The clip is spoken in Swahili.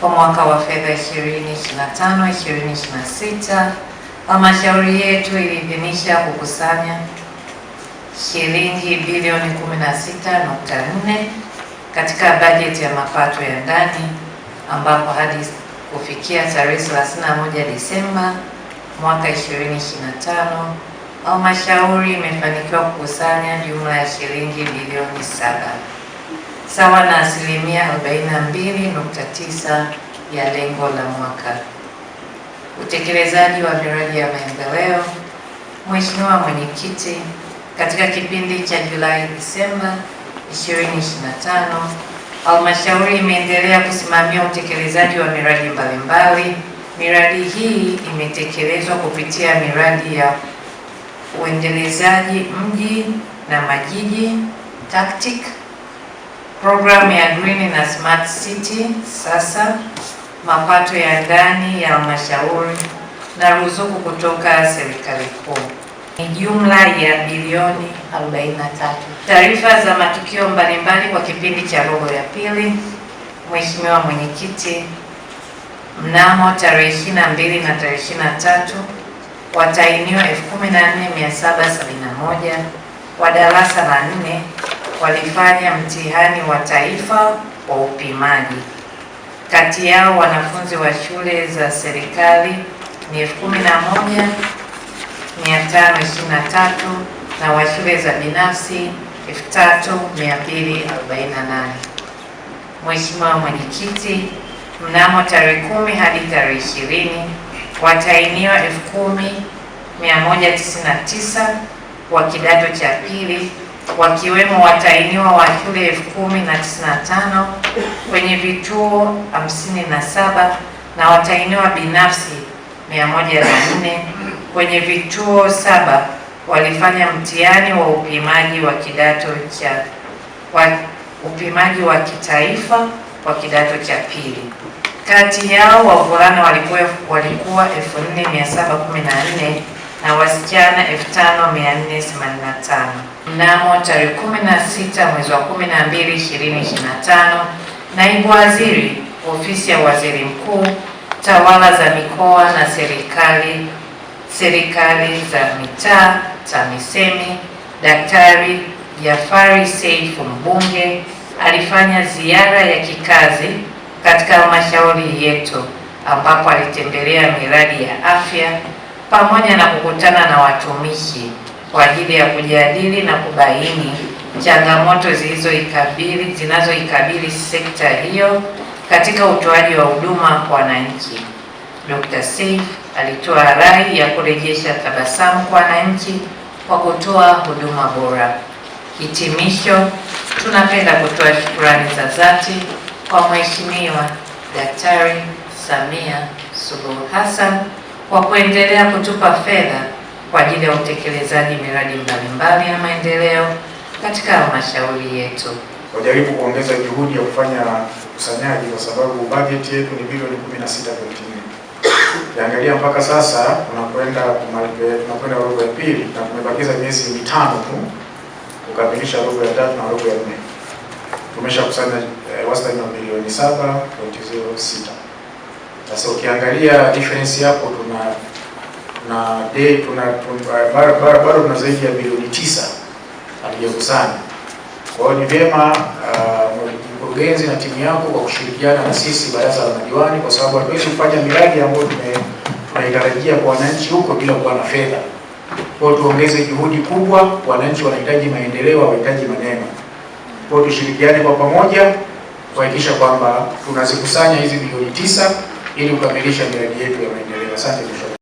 kwa mwaka wa fedha 2025 2026, halmashauri yetu iliidhinisha kukusanya shilingi bilioni 16.4 katika bajeti ya mapato ya ndani ambapo hadi kufikia tarehe 31 Desemba mwaka 2025 halmashauri imefanikiwa kukusanya jumla ya shilingi bilioni saba sawa na asilimia 42.9 ya lengo la mwaka. Utekelezaji wa miradi ya maendeleo. Mheshimiwa Mwenyekiti, katika kipindi cha Julai Disemba 2025 halmashauri imeendelea kusimamia utekelezaji wa miradi mbalimbali. Miradi hii imetekelezwa kupitia miradi ya uendelezaji mji na majiji tactics Programu ya Green na Smart City sasa, mapato ya ndani ya halmashauri na ruzuku kutoka serikali kuu ni jumla ya bilioni 43. Taarifa za matukio mbalimbali kwa kipindi cha robo ya pili. Mheshimiwa Mwenyekiti, mnamo tarehe 22 na tarehe 23 watainiwa 14771 wa darasa la nne walifanya mtihani wa taifa wa upimaji. Kati yao wanafunzi wa shule za serikali ni 11523 na wa shule za binafsi 3248. Mheshimiwa Mwenyekiti, mnamo tarehe kumi hadi tarehe ishirini watainiwa 10199 wa kidato cha pili wakiwemo watahiniwa wa shule elfu kumi na tisini na tano kwenye vituo hamsini na saba na watahiniwa binafsi mia moja na nne kwenye vituo saba walifanya mtihani wa upimaji wa kidato cha wa upimaji wa kitaifa wa kidato cha pili. Kati yao wavulana walikuwa 4714 na wasichana 5485 mnamo tarehe 16 mwezi wa 12 2025, naibu waziri ofisi ya waziri mkuu tawala za mikoa na serikali serikali za mitaa TAMISEMI Daktari Jafari Saif Mbunge alifanya ziara ya kikazi katika halmashauri yetu ambapo alitembelea miradi ya afya pamoja na kukutana na watumishi kwa ajili ya kujadili na kubaini changamoto zilizoikabili zinazoikabili sekta hiyo katika utoaji wa huduma kwa wananchi. Dr. Seif alitoa rai ya kurejesha tabasamu kwa wananchi kwa kutoa huduma bora. Hitimisho, tunapenda kutoa shukurani za dhati kwa Mheshimiwa Daktari Samia Suluhu Hassan kwa kuendelea kutupa fedha kwa ajili ya utekelezaji miradi mbalimbali ya maendeleo katika halmashauri yetu. Wajaribu kuongeza juhudi ya kufanya ukusanyaji kwa sababu bajeti yetu ni bilioni 16.4. Ukiangalia mpaka sasa tunakwenda tunakwenda robo ya pili na tumebakiza miezi mitano tu kukamilisha robo ya tatu na robo ya nne. Tumeshakusanya eh, wastani wa milioni 7.06. Sasa ukiangalia difference hapo tuna na de, tuna bado tuna zaidi ya bilioni tisa hatujakusanya. Kwa hiyo ni vyema uh, mkurugenzi na timu yako kwa kushirikiana na sisi baraza la madiwani, kwa sababu hatuwezi kufanya miradi ambayo tunaitarajia kwa wananchi huko bila kuwa na fedha. Kwa hiyo tuongeze juhudi kubwa, wananchi wanahitaji maendeleo, wanahitaji maneno. Kwa hiyo tushirikiane kwa pamoja kuhakikisha kwamba tunazikusanya hizi bilioni tisa ili kukamilisha miradi yetu ya maendeleo. Asante.